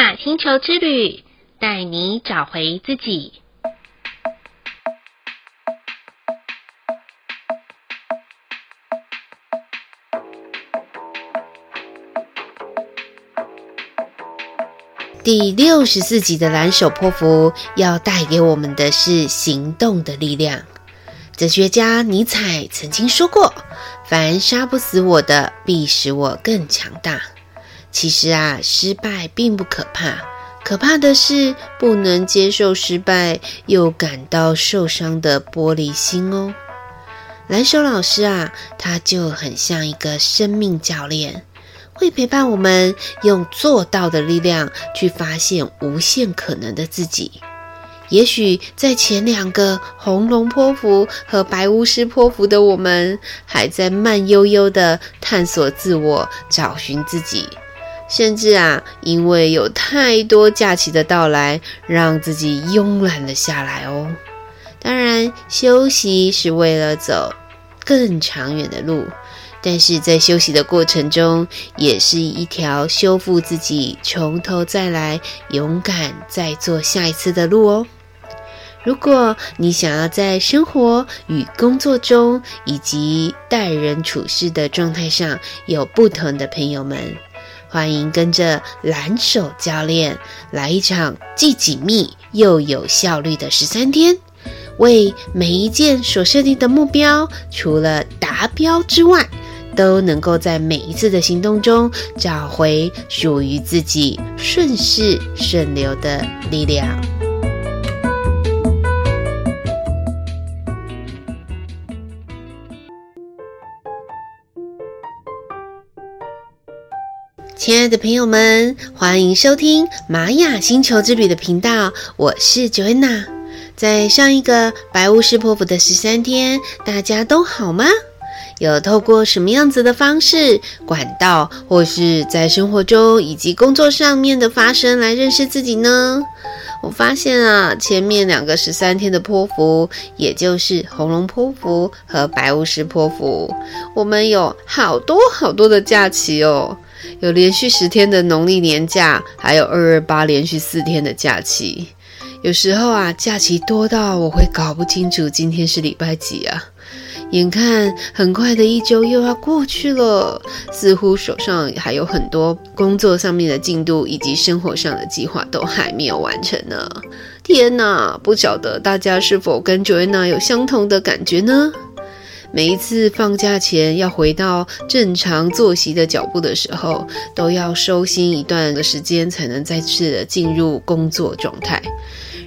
《馬雅星球之旅》帶你找回自己。第六十四集的藍手波符要帶給我們的是行動的力量。哲學家尼采曾經說過：“凡殺不死我的，必使我更強大。”其實啊，失敗並不可怕，可怕的是不能接受失敗又感到受傷的玻璃心哦。藍手老師啊，他就很像一個生命教練，會陪伴我們用做到的力量去發現無限可能的自己。也許在前兩個紅龍波符和白巫師波符的我們，還在慢悠悠地探索自我，找尋自己。甚至啊，因為有太多假期的到來，讓自己慵懶了下來哦。當然，休息是為了走更長遠的路，但是在休息的過程中，也是一條修復自己、從頭再來、勇敢再做下一次的路哦。如果你想要在生活與工作中，以及待人處事的狀態上有不同的朋友們。歡迎跟着藍手教練來一場既緊密又有效率的十三天，為每一件所設定的目標，除了達標之外，都能夠在每一次的行動中找回屬於自己順勢順流的力量。親愛的朋友們，歡迎收聽《瑪雅星球之旅》的頻道，我是 Joanna。在上一個白巫師波符的十三天，大家都好嗎？有透過什麼樣子的方式、管道，或是在生活中以及工作上面的發生，來認識自己呢？我發現啊，前面兩個十三天的波符，也就是紅龍波符和白巫師波符，我們有好多好多的假期哦。有連續十天的農曆年假，還有二二八連續四天的假期。有時候啊，假期多到我會搞不清楚今天是禮拜幾啊。眼看很快的一周又要過去了，似乎手上還有很多工作上面的進度以及生活上的計劃都還沒有完成呢。天哪，不曉得大家是否跟 Joanna 有相同的感覺呢？每一次放假前要回到正常作息的腳步的時候，都要收心一段的時間，才能再次的進入工作狀態。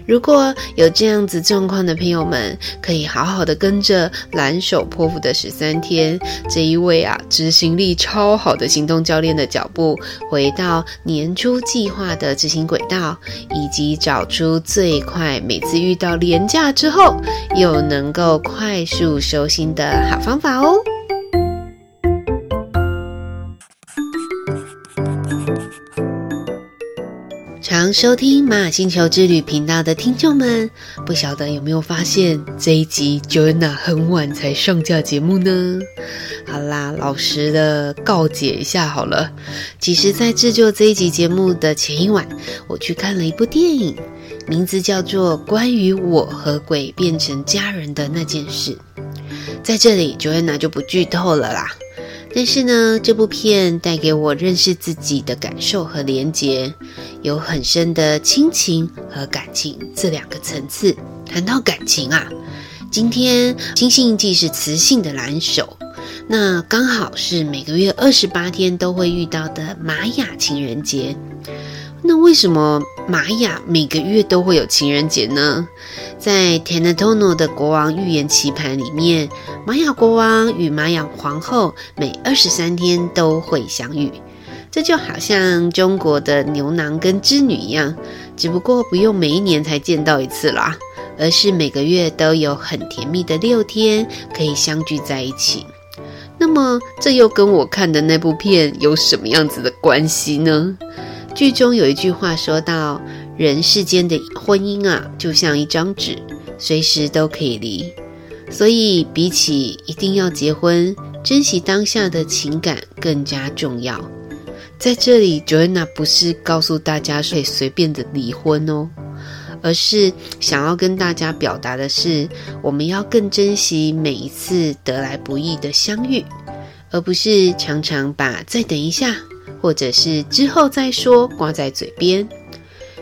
如果有這樣子狀況的朋友們，可以好好的跟着藍手波符的十三天，這一位啊，執行力超好的行動教練的腳步，回到年初計劃的執行軌道，以及找出最快每次遇到連假之後又能夠快速收心的。好方法哦！常收聽《馬雅星球之旅》頻道的聽眾們，不曉得有沒有發現這一集 Joanna 很晚才上架節目呢？好啦，老實的告解一下好了。其實，在制作這一集節目的前一晚，我去看了一部電影，名字叫做《關於我和鬼變成家人的那件事》。在這裡，Joanna 就不劇透了啦。但是呢，這部片帶給我認識自己的感受和連結，有很深的親情和感情這兩個層次。談到感情啊，今天金星既是磁性的藍手，那剛好是每個月二十八天都會遇到的瑪雅情人節。那為什麼瑪雅每個月都會有情人節呢？在 Tenetono 的國王預言棋盤裡面，瑪雅國王與瑪雅皇后每二十三天都會相遇，這就好像中國的牛郎跟織女一樣，只不過不用每一年才見到一次啦，而是每個月都有很甜蜜的六天可以相聚在一起。那麼，這又跟我看的那部片有什麼樣子的關係呢？劇中有一句話說到：“人世間的婚姻啊，就像一張紙，隨時都可以離。”所以，比起一定要結婚，珍惜當下的情感更加重要。在這裡，Joanna 不是告訴大家可以隨便的離婚哦，而是想要跟大家表達的是，我們要更珍惜每一次得來不易的相遇，而不是常常把“再等一下”。或者是之後再說，掛在嘴邊。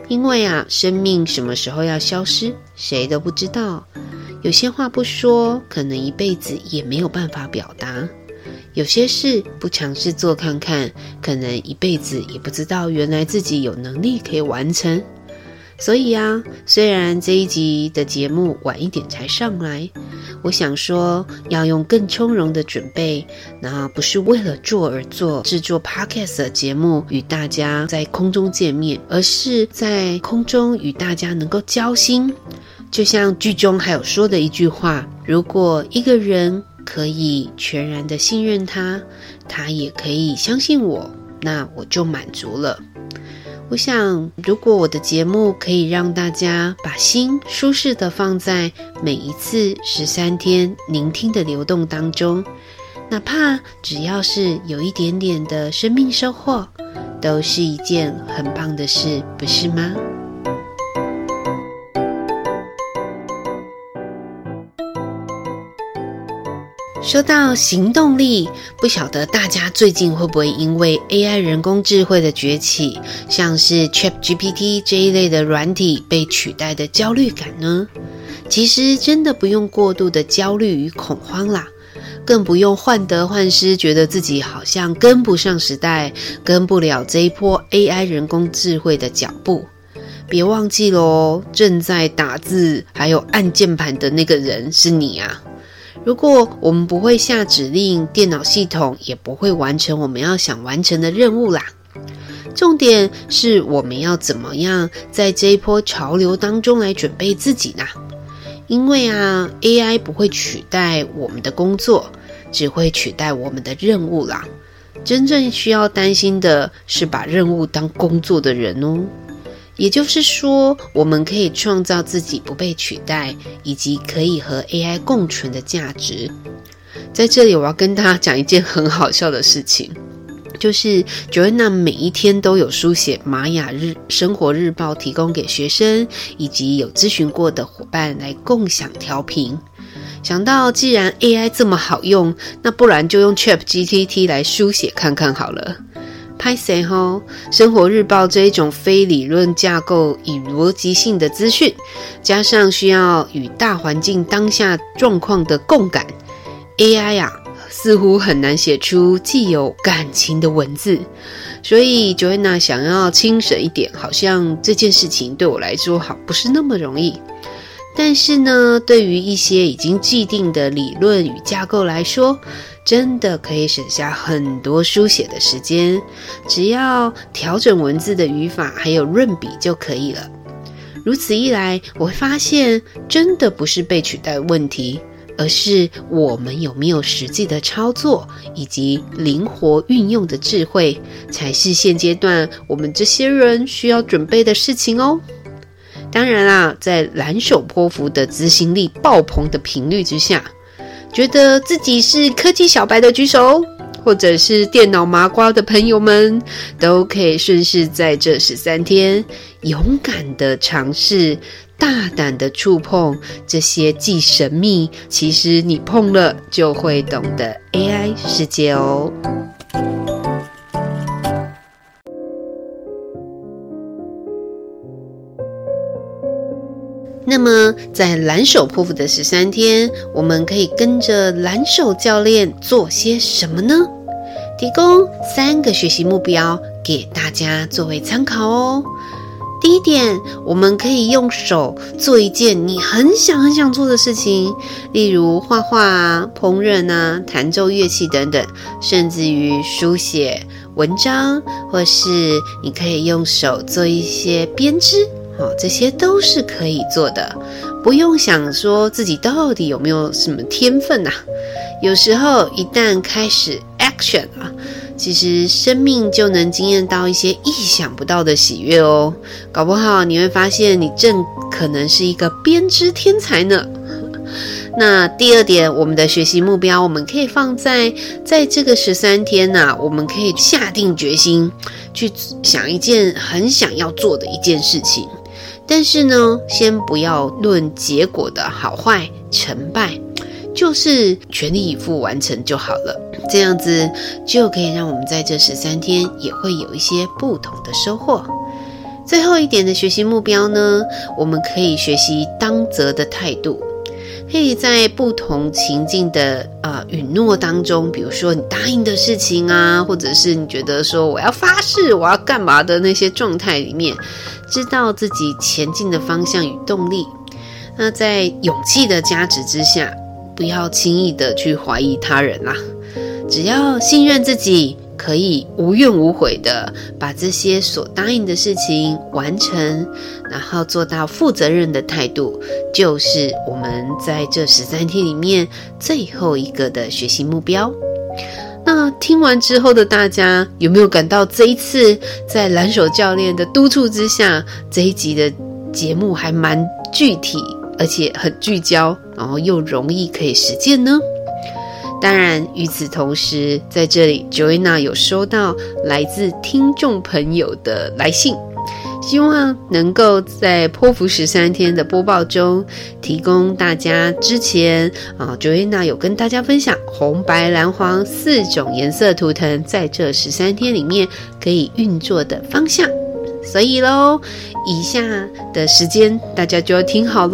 因為啊，生命什麼時候要消失，誰都不知道。有些話不說，可能一輩子也沒有辦法表達。有些事不嘗試做看看，可能一輩子也不知道原來自己有能力可以完成。所以呀、啊，雖然這一集的節目晚一點才上來，我想說要用更從容的準備，然後不是為了做而做製作 Podcast 的節目與大家在空中見面，而是在空中與大家能夠交心。就像劇中還有說的一句話：如果一個人可以全然的信任他，他也可以相信我，那我就滿足了。我想，如果我的節目可以讓大家把心舒適的放在每一次十三天聆聽的流動當中，哪怕只要是有一點點的生命收穫，都是一件很棒的事，不是嗎？說到行動力，不曉得大家最近會不會因為 AI 人工智慧的崛起，像是 ChatGPT 這一類的軟體被取代的焦慮感呢？其實真的不用過度的焦慮與恐慌啦，更不用患得患失，覺得自己好像跟不上時代，跟不了這一波 AI 人工智慧的腳步。別忘記嘍，正在打字還有按鍵盤的那個人是你啊！如果我們不會下指令，電腦系統也不會完成我們要想完成的任務啦。重點是我們要怎麼樣在這一波潮流當中來準備自己呢？因為啊，AI 不會取代我們的工作，只會取代我們的任務啦。真正需要擔心的是把任務當工作的人哦。也就是說，我們可以創造自己不被取代，以及可以和 AI 共存的價值。在這裡，我要跟大家講一件很好笑的事情，就是 Joanna 每一天都有書寫《瑪雅日生活日報》，提供給學生以及有諮詢過的伙伴來共享調頻。想到既然 AI 這麼好用，那不然就用 ChatGPT 來書寫看看好了。拍誰吼？生活日報這一種非理論架構，以邏輯性的資訊，加上需要與大環境當下狀況的共感，AI 呀、啊，似乎很難寫出既有感情的文字。所以，Joanna 想要清醒一點，好像這件事情對我來說，好不是那麼容易。但是呢，對於一些已經既定的理論與架構來說，真的可以省下很多書寫的時間，只要調整文字的語法，還有潤筆就可以了。如此一來，我會發現，真的不是被取代問題，而是我們有沒有實際的操作以及靈活運用的智慧，才是現階段我們這些人需要準備的事情哦。當然啦，在藍手波符的執行力爆棚的頻率之下，覺得自己是科技小白的舉手，或者是電腦麻瓜的朋友們，都可以順勢在這十三天勇敢的嘗試，大膽的觸碰這些既神秘，其實你碰了就會懂的 AI 世界哦。那麼，在藍手 p r 的十三天，我們可以跟着藍手教練做些什麼呢？提供三個學習目標給大家作為參考哦。第一點，我們可以用手做一件你很想很想做的事情，例如畫畫、啊、烹飪啊、彈奏樂器等等，甚至於書寫文章，或是你可以用手做一些編織。這些都是可以做的，不用想說自己到底有沒有什麼天分吶。有時候一旦開始 action 啊，其實生命就能驚艷到一些意想不到的喜悅哦。搞不好你會發現你正可能是一個編織天才呢。那第二點，我們的學習目標，我們可以放在在這個十三天吶，我們可以下定決心去想一件很想要做的一件事情。但是呢，先不要論結果的好壞、成敗，就是全力以赴完成就好了。這樣子就可以讓我們在這十三天也會有一些不同的收穫。最後一點的學習目標呢，我們可以學習當責的態度。可以在不同情境的呃允諾當中，比如說你答應的事情啊，或者是你覺得說我要發誓，我要幹嘛的那些狀態裡面，知道自己前進的方向與動力。那在勇氣的加持之下，不要輕易的去懷疑他人啦，只要信任自己。可以無怨無悔的把這些所答應的事情完成，然後做到負責任的態度，就是我們在這十三天裡面最後一個的學習目標。那聽完之後的大家有沒有感到這一次在藍手教練的督促之下，這一集的節目還蠻具體，而且很聚焦，然後又容易可以實踐呢？當然，與此同時，在這裡，Joanna 有收到來自聽眾朋友的來信，希望能夠在波符十三天的播報中提供大家。之前啊，呃，Joanna 有跟大家分享紅、白、藍、黃四種顏色圖騰在這十三天裡面可以運作的方向。所以嘍，以下的時間大家就要聽好嘍，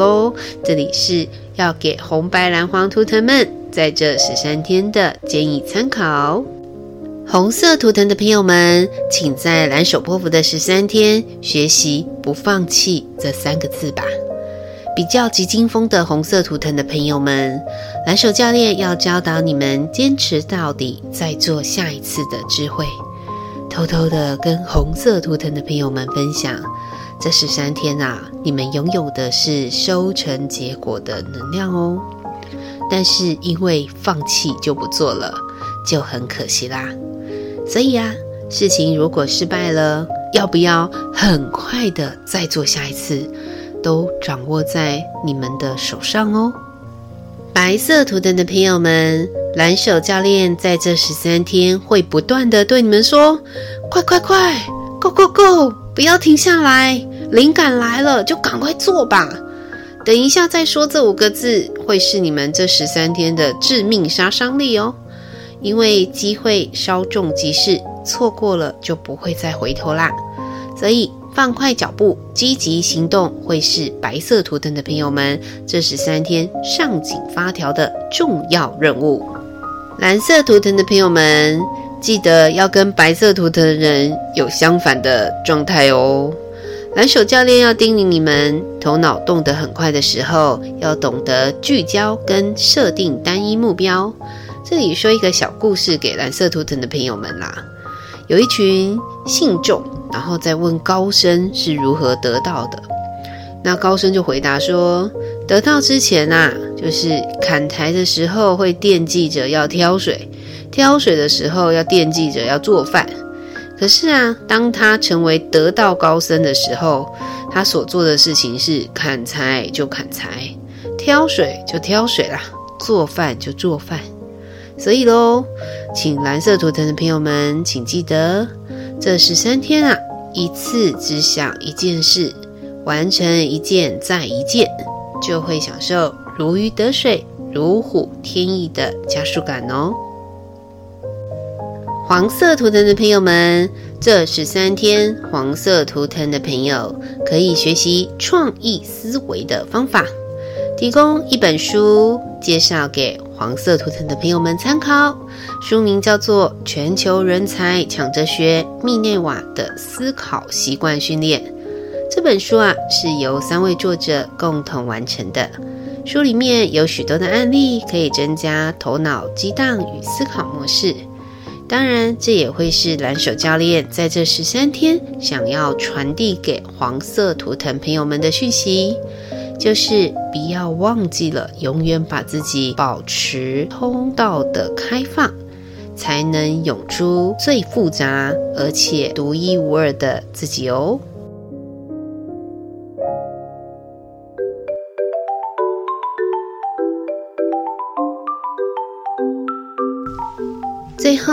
這裡是要給紅、白、藍、黃圖騰們。在這十三天的建議參考。紅色圖騰的朋友們，請在藍手波符的十三天學習不放棄這三個字吧。比較急驚風的紅色圖騰的朋友們，藍手教練要教導你們堅持到底，再做下一次的智慧。偷偷的跟紅色圖騰的朋友們分享，這十三天啊，你們擁有的是收成結果的能量哦。但是因為放棄就不做了，就很可惜啦。所以啊，事情如果失敗了，要不要很快的再做下一次，都掌握在你們的手上哦。白色圖騰的朋友們，藍手教練在這十三天會不斷的對你們說：快快快，Go Go Go，不要停下來，靈感來了就趕快做吧。等一下再說，這五個字會是你們這十三天的致命殺傷力哦，因為機會稍縱即逝，錯過了就不會再回頭啦。所以放快腳步，積極行動，會是白色圖騰的朋友們這十三天上緊發條的重要任務。藍色圖騰的朋友們，記得要跟白色圖騰的人有相反的狀態哦。藍手教練要叮嚀你們：頭腦動得很快的時候，要懂得聚焦跟設定單一目標。這裡說一個小故事給藍色圖騰的朋友們啦。有一群信眾，然後再問高僧是如何得到的。那高僧就回答說：得到之前啊，就是砍柴的時候會惦記着要挑水，挑水的時候要惦記着要做飯。可是啊，當他成為得道高僧的時候，他所做的事情是砍柴就砍柴，挑水就挑水啦，做飯就做飯。所以嘍，請藍色圖騰的朋友們，請記得，這十三天啊，一次只想一件事，完成一件再一件，就會享受如魚得水、如虎添翼的加速感哦。黃色圖騰的朋友們，這13天黃色圖騰的朋友可以學習創意思維的方法，提供一本書介紹給黃色圖騰的朋友們參考。書名叫做《全球人才搶着學：密內瓦的思考習慣訓練》。這本書啊是由三位作者共同完成的，書裡面有許多的案例，可以增加頭腦激盪與思考模式。當然，這也會是藍手教練在這十三天想要傳遞給黃色圖騰朋友們的訊息，就是不要忘記了，永遠把自己保持通道的開放，才能湧出最複雜而且獨一無二的自己哦。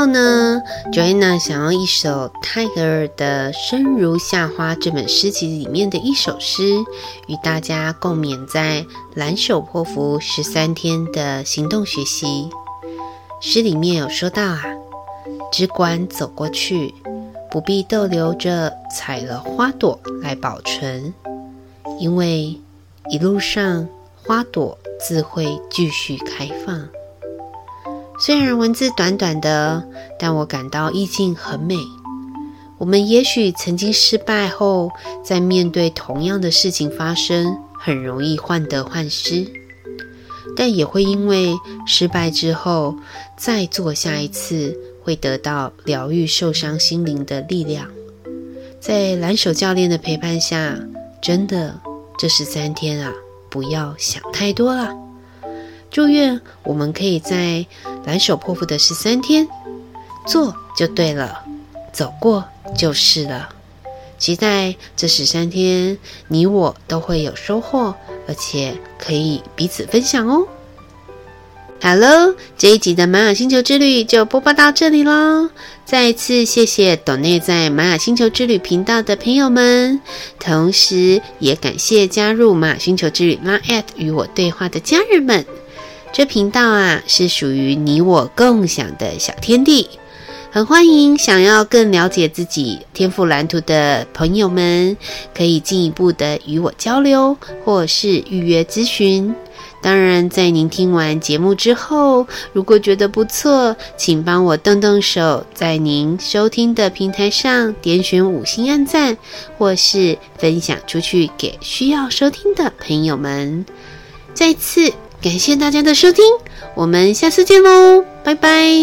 然後呢，Joanna 想要一首泰戈爾的《生如夏花》這本詩集裡面的一首詩，與大家共勉在，在藍手波符十三天的行動學習詩裡面有說到啊，只管走過去，不必逗留着採了花朵來保存，因為一路上花朵自會繼續開放。雖然文字短短的，但我感到意境很美。我們也許曾經失敗後，在面對同樣的事情發生，很容易患得患失，但也會因為失敗之後再做下一次，會得到療癒受傷心靈的力量。在藍手教練的陪伴下，真的，這十三天啊，不要想太多了。祝願我們可以在藍手波符的十三天做就對了，走過就是了。期待這十三天，你我都會有收穫，而且可以彼此分享哦。好嘍，這一集的瑪雅星球之旅就播報到這裡嘍。再一次謝謝斗內在瑪雅星球之旅頻道的朋友們，同時也感謝加入瑪雅星球之旅 LINE@ 與我對話的家人們。這頻道啊，是屬於你我共享的小天地，很歡迎想要更了解自己天賦藍圖的朋友們，可以進一步的與我交流，或是預約諮詢。當然，在您聽完節目之後，如果覺得不錯，請幫我動動手，在您收聽的平台上點選五星按讚，或是分享出去給需要收聽的朋友們。再次。感謝大家的收聽，我們下次見嘍，拜拜。